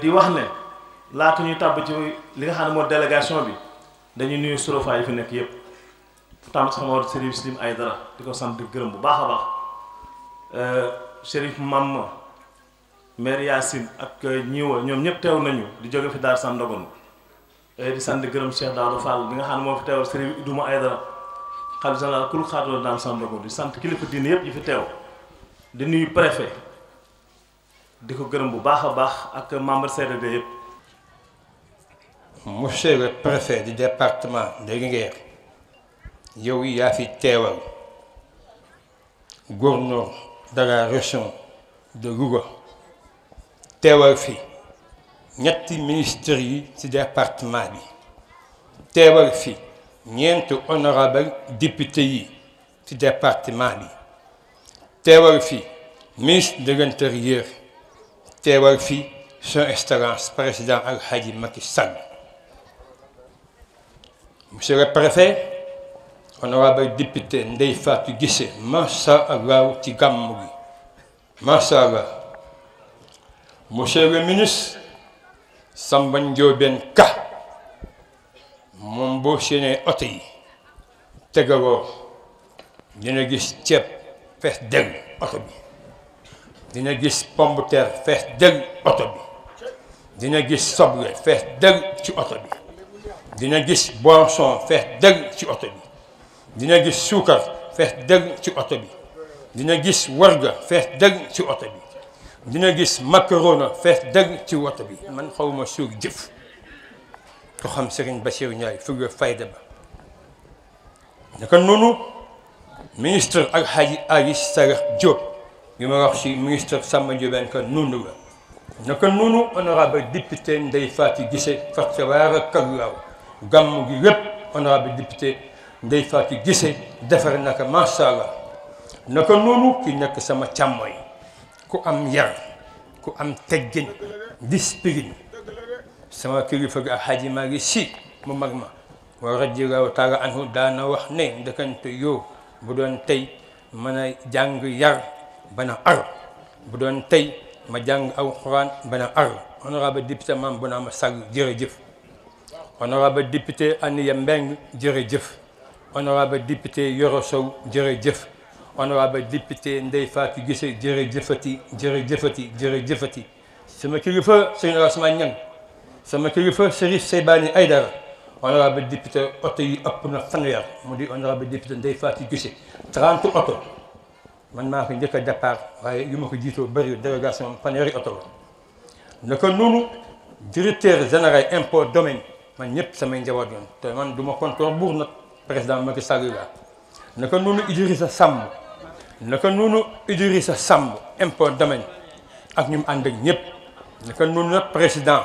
di wax ne laata ñuy tàbb ci li nga xam ne moo délégation bi dañuy nuyu surofaa yi fi nekk yëpp tam sax ma war Chérif Slim Aïdara di ko sant gërëm bu baax a baax euh, Chérif Mamma maire Yacine ak ñiwa ñoom ñëpp teew nañu di jóge fi daar Sam Ndogon euh, di sant gërëm Cheikh Daouda Fall bi nga xam ne moo fi teewal Chérif Idouma Aïdara xalifa général kul xaatula daam Sam Ndogon sant kilifa diine yëpp yi fi teew di nuyu préfet di ko gërëm bu baax a baax ak membre CRD yëpp. monsieur le préfet du département de Linguère yow yaa fi teewal gouverneur de la région de Louga teewal fi ñetti ministres yi ci département bi teewal fi ñeenti honorable député yi ci département bi teewal fi ministre de l'intérieur teewal fi son excellence président Al Hadji Macky Sall monsieur le préfet honorable député Ndeye Fatou Guissé macha allah ci gàmm gi macha allah monsieur ministre Samba Ndiobène Ka moom boo séenee oto yi tegaloo dina gis ceeb fees del oto bi dina gis pomme de terre fees oto bi dina gis soble fees dëgg ci oto dina gis boisson fees dëgg ci oto bi dina gis suukar fees dëgg ci oto bi dina gis warga fees dëgg ci oto bi dina gis macarona fees dëgg ci oto bi man xawma suur jëf ko xam Serigne Bassirou Ndiaye figure fayda ba naka noonu ministre ak Hadji Aly Sarr li ma wax ci ministre Samba Ndiobène Ka noonu la naka noonu honorable député Ndeye Fatou Guissé far tabaarakallahu gàmm gi yépp honorable député Ndeye Fatou Guissé defar naka macha allah naka noonu ki nekk sama càmmoñ ku am yar ku am teggin discipline sama kilifa gi ak xaji maa ngi si mu mag ma wa radiyallahu taala anhu daana wax ne ndekante yow bu doon tey mën a jàng yar bana ar bu doon tey ma jàng alxuraan bana ar honorable député Mame Bounama Sall jërëjëf honorable député Aniya Mbeng jërëjëf honorable député Yoro jërëjëf honorable député Ndeye Fatou Guissé jërëjëfati jërëjëfati jërëjëfati sama kilifa Serigne Ousmane Niang sama kilifa Serigne Seybani Aydara honorable député oto yi ëpp na fanweer mu di honorable député Ndeye Fatou Guissé 30 oto man maa ko njëkk a waaye yu ma ko jiitoo bëri délégation fanweeri oto la naka noonu directeur général impôt domaine man ñëpp samay njaboot yoon te man du ma contrôle buur nag président Macky Sall la naka noonu Idrissa Samb naka noonu Idrissa Samb impôt domaine ak ñu mu ànd ak ñëpp naka noonu nag président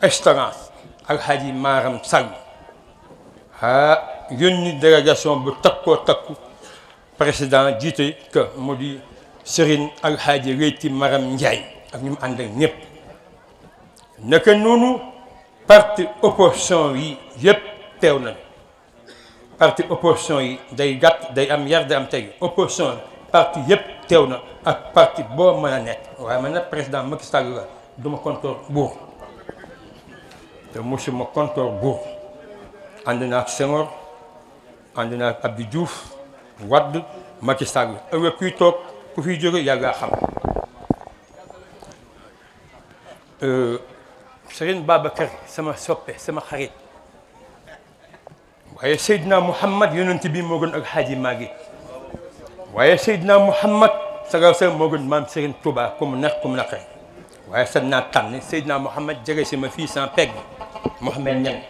Excellence ak Hadji Maram Sall ah yónni délégation bu takkoo takku président jiite que mu di Serigne Alxaaji Leyti Maram Ndiaye ak ñu mu ànd ak ñëpp naka noonu parti opposition yi yëpp teew nañ parti opposition yi day gàtt day am yar day am tey opposition parti yëpp teew na ak parti boo mën a nekk waaye man nag président Macky Sall la du ma kontoor buur te mosuma kontoor buur ànd naa ak Senghor ànd naa ak Abdou Wade Macky Sall ëllëg kuy toog ku fiy jóge yàlla xam euh, Serigne Babacar sama soppe sama xarit waaye Seydina Mouhamad yonent bi moo gën ak Hadji Maguette waaye Seydina Mouhamad saga sa moo gën maam Serigne Touba ku mu neex ku mu naqe waaye sax naa tànn Seydina Mouhamad jege si ma fi sans pegg Mouhamad ñan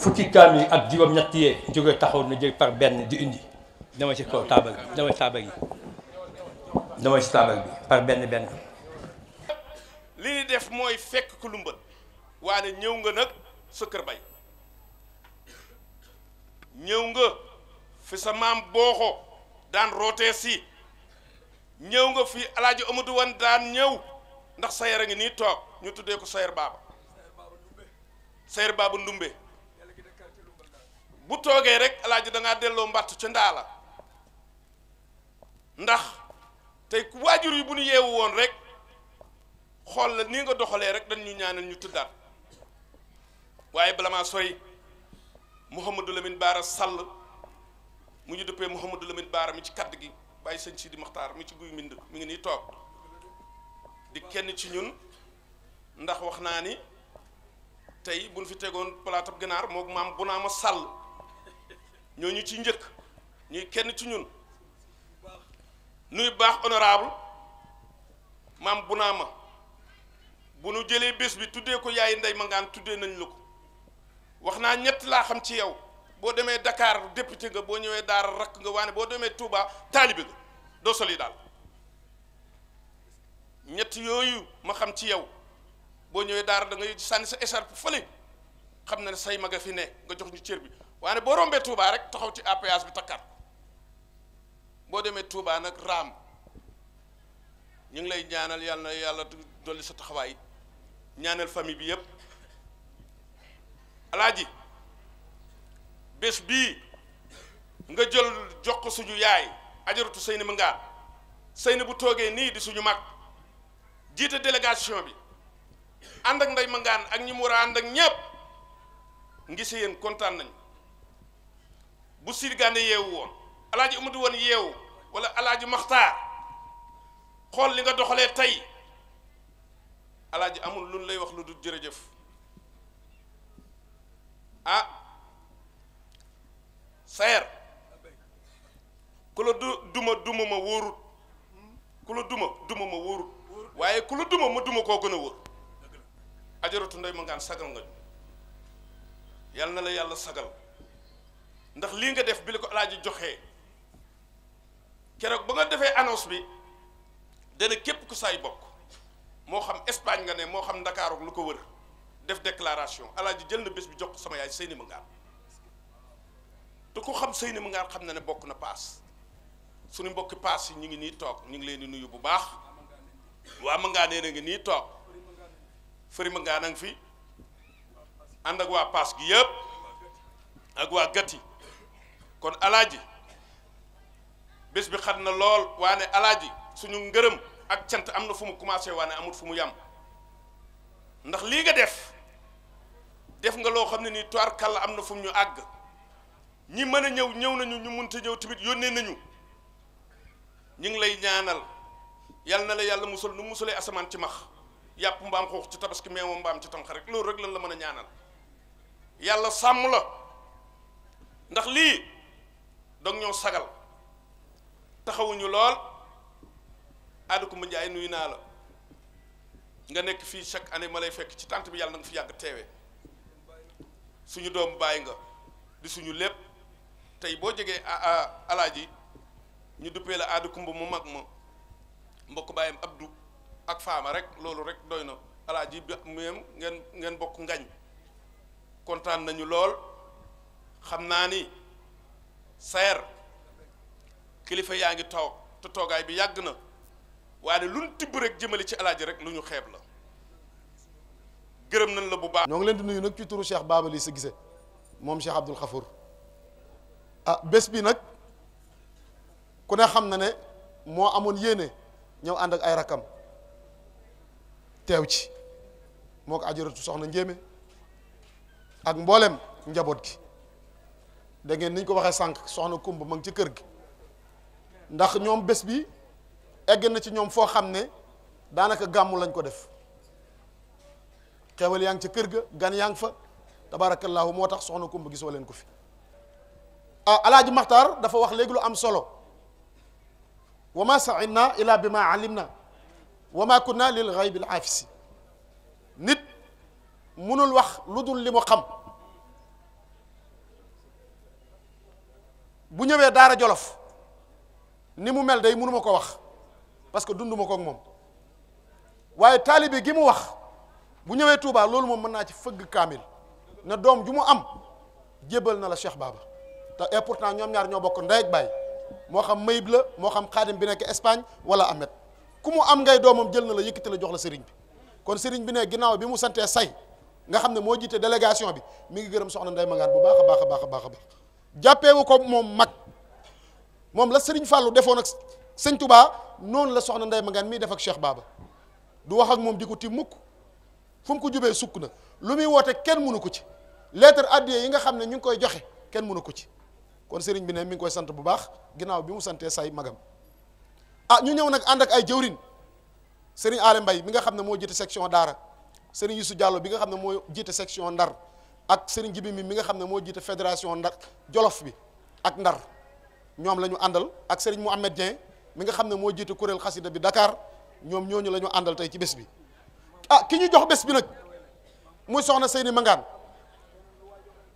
fukki kaam yi ak juróom-ñett yee jóge taxaw na jël par benn di indi dama ci kaw taabal bi dama ci taabal bi par benn benn li ñu def mooy fekk ku lumbal waane ñëw nga nag sa kër bay ñëw nga fi sa maam booxo daan rootee si ñëw nga fi alaaji Amadou wan daan ñëw ndax sa a ngi nii toog ñu tuddee ko sayar baaba sayar baaba ndumbe bu toogee rek alaaji da delloo mbàtt ca ndaa la ndax tey ku waajur yi bu ñu yeewu woon rek xool la ni nga doxalee rek dañ ñu ñaanal ñu tëddaat waaye bala maa sori Mouhamadou Lamine Baara Sall mu ñu dëppee Mouhamadou Lamine Baara mi ci kadd gi bàyyi sëñ Sidi Maxtaar mi ci guy mbind mi ngi nii toog di kenn ci ñun ndax wax naa ni tey buñ fi tegoon palaatab ganaar mook maam bu naa ma sàll ñoo ñu ci njëkk ñuy kenn ci ñun nuy baax honorable maam bu naa ma bu nu jëlee bés bi tuddee ko yaay ndey ma ngaan tuddee nañ la ko wax naa ñett laa xam ci yow boo demee Dakar député nga boo ñëwee Daara rakk nga waane boo demee Touba taalibe nga doo soli daal ñett yooyu ma xam ci yow boo ñëwee Daara da ngay sànni sa écharpe fële xam na ne say maga fi ne nga jox ñu cër bi waane boo rombee Touba rek taxaw ci APS bi takkaat. boo demee Touba nag raam ñu ngi lay ñaanal yàlla yàlla dolli sa taxawaay ñaanal famille bi yëpp alaaji bés bii nga jël jox ko suñu yaay ajaratu Seyni Manga Seyni bu toogee nii di suñu mag jiite délégation bi ànd ak nday mangaan ak ñi mu war a ànd ak ñépp ngi si kontaan nañ bu sirgaane yeewu woon alaaji amadu woon yeewu wala alaaji maxtaar xool li nga doxalee tey alaaji amul lu lay wax lu dul jërëjëf ah seer ku la du duma duma ma wóorut ku la duma duma ma wóorut waaye ku la duma ma duma koo gën a wóor ajaratu ndey ma sagal nga yal na la yàlla sagal ndax lii nga def bi la ko alaaji joxee keroog ba nga defee annonce bi dana képp ku saay bokk moo xam Espagne nga ne moo xam Ndakaaru lu ko wër def déclaration alaaji jël na bés bi jox ko sama yaay Seyni Mangaar te ko xam Seyni Mangaar xam na ne bokk na paas suñu mbokki paas yi ñu ngi nii toog ñu ngi leen di nuyu bu baax waa Mangaane na ngi nii toog fëri Mangaa nang fi ànd ak waa paas gi yëpp ak waa Gati kon alaaji bés bi xat na lool waane alaaji suñu ngërëm ak cant am na fu mu commencé waane amul fu mu yam ndax lii nga def def nga loo xam ne nii toir kàll am na fu mu ñu àgg ñi mën a ñëw ñëw nañu ñu munta ñëw tamit yónnee nañu ñu ngi lay ñaanal yal na la yàlla musal nu musalee asamaan ci max yàpp mbaam xuux ci tabaski meewa mbaam ci tamxarit rek loolu rek lan la mën a ñaanal yàlla sàmm la ndax lii dong ñoo sagal taxawuñu lool àddu ko mu njaay nuyu naa la nga nekk fii chaque année ma lay fekk ci tànt bi yàlla na nga fi yàgg teewee suñu doom bàyyi nga di suñu lépp tey boo jegee alaaji ñu duppee la aada kumba mu mag ma mbokk bàyyam abdu ak faama rek loolu rek doy na alaaji bi même ngeen ngeen bokk ngañ kontaan nañu lool xam naa ni seer kilifa yaa ngi toog te toogaay bi yàgg na waaye luñ tibb rek jëmale ci alaaji rek lu ñu xeeb la gërëm nañ la bu baax. ñoo ngi leen di nuyu nag ci turu Cheikh Babali sa gise moom Cheikh Abdoul Khafour ah bés bi nag ku ne xam na ne moo amoon yéene ñëw ànd ak ay rakam teew ci moo ko ajaratu soxna njéemé ak mboolem njaboot gi dangeen ngeen ko waxee sànq soxna kumba ma ci kër gi ndax ñoom bés bi egg na ci ñoom foo xam ne daanaka gàmmu lañ ko def xewal yang ngi ca kër ga gan yaa fa tabaarakallaahu moo tax soxna kumba gisoo leen ko fi ah alaaji maxtaar dafa wax léegi lu am solo wa ma sainna ila bi ma alim na wa ma kunna lil ghaybi al nit mënul wax lu dul li mu xam bu ñëwee daara jolof ni mu mel day mënuma ko wax parce que dunduma kook moom waaye taalibe gi mu wax bu ñëwee Touba loolu moom mën naa ci fëgg kaamil na doom ju mu am jébbal na la Cheikh baaba te et ñoom ñaar ñoo bokk ndey ak baay moo xam Mayib la moo xam xaadim bi nekk Espagne wala Ahmed ku mu am ngay doomam jël na la yëkkati la jox la sëriñ bi kon sëriñ bi ne ginnaaw bi mu santee say nga xam ne moo jiite délégation bi mu ngi gërëm soxna Ndeye Magane bu baax a baax a baax a baax jàppeewu ko moom mag moom la sëriñ Fallou defoon ak sëñ tubaa noonu la soxna Ndeye Magane mii def ak Cheikh Baba du wax ak moom di ko ti mukk fu mu ko jubee sukk na lu muy woote kenn mënu ko ci lettre addiya yi nga xam ne ñu ngi koy joxe kenn mënu ko ci kon sëriñ bi ne mi ngi koy sant bu baax ginnaaw bi mu santee say magam ah ñu ñëw nag ànd ak ay jëwrin sëriñ Aale Mbay mi nga xam ne moo jiite section Daara sëriñ su Diallo bi nga xam ne moo jiite section Ndar ak sëriñ Jibi mi mi nga xam ne moo jiite fédération Ndar Jolof bi ak Ndar ñoom la ñu àndal ak Serigne Mouhamed Dieng mi nga xam ne moo jiite kuréel xasida bi Dakar ñoom ñooñu la ñu àndal tey ci bés bi ah ki ñu jox bés bi nag muy soxna Seyni Mangane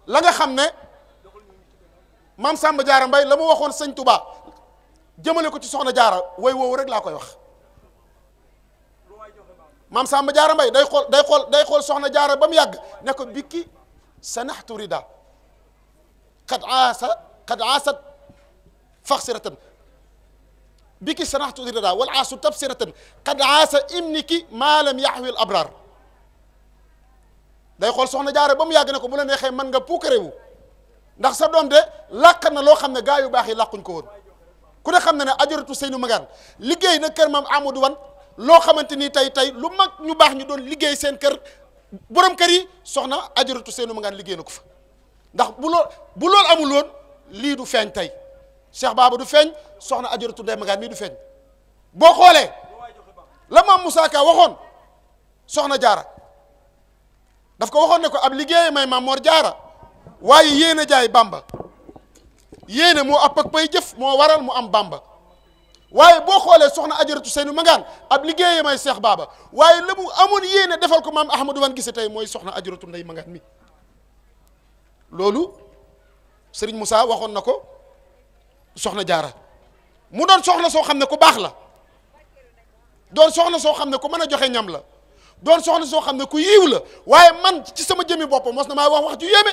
la nga xam ne maam Samba Diarra mbay la mu waxoon sëñ Touba jëmale ko ci soxna Diarra way woowu rek laa koy wax maam Samba jaara mbay day xool day xool day xool soxna Diarra ba mu yàgg ne ko bikki sa naxtu rida qad aasa qad aasat faxsiratan biki sanaxtu irada wal aasu tabsiratan qad aasa imniki maa lam yaxwi al abraar day xool soxna jaare ba mu yàgg ne ko bu la neexee man nga puukarewu ndax sa doom de làq na loo xam ne gaa yu baax yi làquñ ko woon ku ne xam ne ne ajaratu Seynu Magaan liggéey na kër maam Amadou Wan loo xamante ni tey tey lu mag ñu baax ñu doon liggéey seen kër borom kër yi soxna ajaratu Seynu Magaan liggéey na ko fa ndax bu lool bu loolu lii du feeñ tey Cheikh Baba du feeñ soxna Ajaratu Ndeye Magane mii du feeñ boo xoolee la maam Moussa Ka waxoon soxna jaara daf ko waxoon ne ko ab liggéey may maam Mor jaara waaye yéen a jaay bamba yéene moo app ak pay jëf moo waral mu am bamba waaye boo xoolee soxna ajaratu Seynu Magaan ab liggéey may Cheikh Baba waaye la mu amoon yéene defal ko maam Ahmadou Wan gise tey mooy soxna ajaratu Ndeye Magaan mi loolu Serigne Moussa waxoon na ko soxna jaara mu doon soxna soo xam ne ku baax la doon soxna soo xam ne ku mën a joxe ñam la doon soxna soo xam ne ku yiiw la waaye man ci sama jëmmi boppam mos na maa wax wax ju yéeme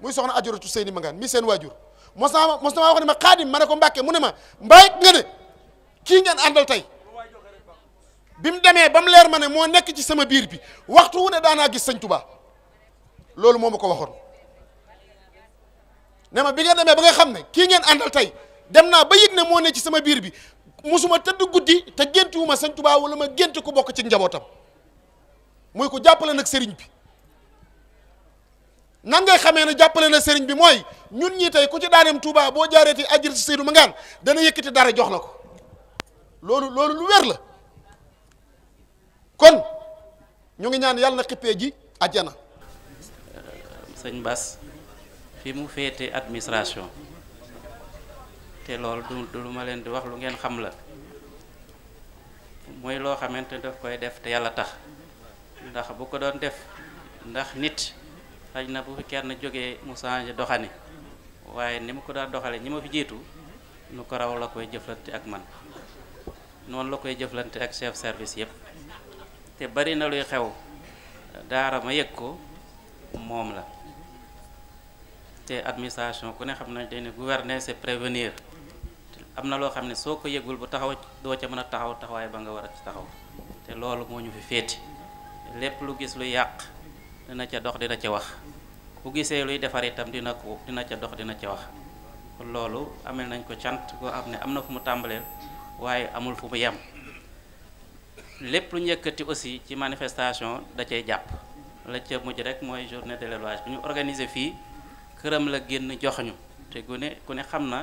muy soxna ajuratu Seyni Mangane mi seen waajur mos naa mos na maa wax ne ma xaadim ma ne ko mbàkke mu ne ma mbaay nga ne kii ngeen àndal tey bi mu demee ba mu leer ma ne moo nekk ci sama biir bi waxtu wu ne daanaa gis sañ tuba loolu moom ma ko waxoon ne ma bi nga demee ba nga xam ne kii ngeen àndal tey dem naa ba yëg ne moo ne ci sama biir bi mosuma tëdd guddi te géntiwuma sëñ Tuubaa wala ma gént ku bokk ci njabootam muy ko jàppale nag sëriñ bi nan ngay xamee ne jàppale na sëriñ bi mooy ñun ñii tey ku ci daaneem Touba boo jaaree ci ajir si Seydou Mangane dana yëkkati jox la ko loolu loolu lu wér la kon ñu ngi ñaan yàlla na ji àjjana. sëñ Bass. fi mu féete administration te loolu du lu ma leen di wax lu ngeen xam la mooy loo xamante daf koy def te yàlla tax ndax bu ko doon def ndax nit xaj na bu fi kenn jógee mu changé doxani waaye ni mu ko daan doxale ñi ma fi jiitu nu ko raw la koy jëflante ak man noonu la koy jëflante ak chef service yëpp te bari na luy xew daara ma yëg ko moom la te administration ku ne xam nañ ne gouverner c'est prévenir am na loo xam ne soo ko yëgul bu taxaw doo ca mën a taxaw taxawaay ba nga war a ci taxaw te loolu moo ñu fi féeti lépp lu gis lu yàq dina ca dox dina ca wax bu gisee luy defar itam dina ko dina ca dox dina ca wax kon loolu amel nañ ko cant boo xam ne am na fu mu tàmbaleel waaye amul fu mu yem lépp lu njëkkati aussi ci manifestation da cay jàpp la ca mujj rek mooy journée de l'élevage bi ñu organiser fii këram la génn jox ñu te ku ne ku ne xam na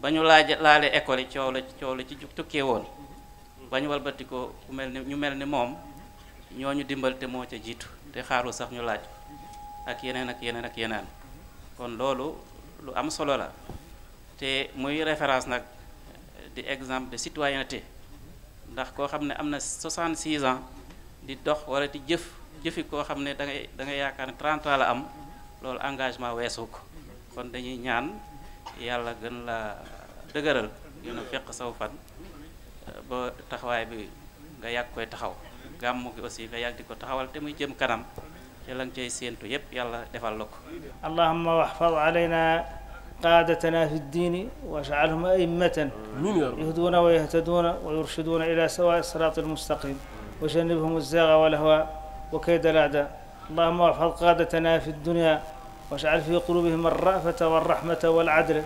ba ñu laaj laale école yi coow la coow la ci tukkee woon ba ñu walbatikoo ku mel ni ñu mel ni moom ñoo ñu dimbal te moo ca jiitu te xaarul sax ñu laaj ak yeneen ak yeneen ak yeneen kon loolu lu am solo la te muy référence nag di exemple de citoyenneté ndax koo xam ne am na 66 ans di dox wala di jëf jëfi koo xam ne dangay ngay da ngay yaakaar ne 30 am. loolu engagement weesu ko kon dañuy ñaan yàlla gën la dëgëral gën a fekk saw fan euh, ba taxawaay bi nga yàgg koy taxaw gàmmu gi aussi nga yàgg di ko taxawal te muy jëm kanam ci lan cay séentu yépp yàlla defal la ko allahumma waxfad alayna qaadatana fi ddiini wajcalhum a'immatan yahduuna wa yahtaduuna wa yurshiduuna ila sawaai siraati almustaqim wa janibhum alzaga walahwa wa kayda alaadaa اللهم احفظ قادتنا في الدنيا واجعل في قلوبهم الرأفة والرحمة والعدل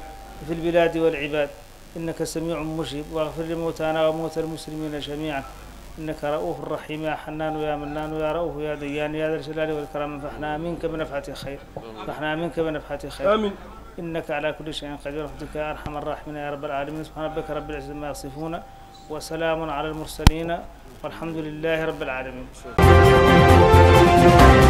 في البلاد والعباد إنك سميع مجيب واغفر لموتانا وموتى المسلمين جميعا إنك رؤوف رحيم يا حنان ويا منان ويا رؤوف يا ديان يا ذا الجلال والكرم فاحنا منك بنفحة خير فاحنا منك بنفحة خير آمين إنك على كل شيء قدير رحمتك يا أرحم الراحمين يا رب العالمين سبحان ربك رب العزة ما يصفون وسلام على المرسلين والحمد لله رب العالمين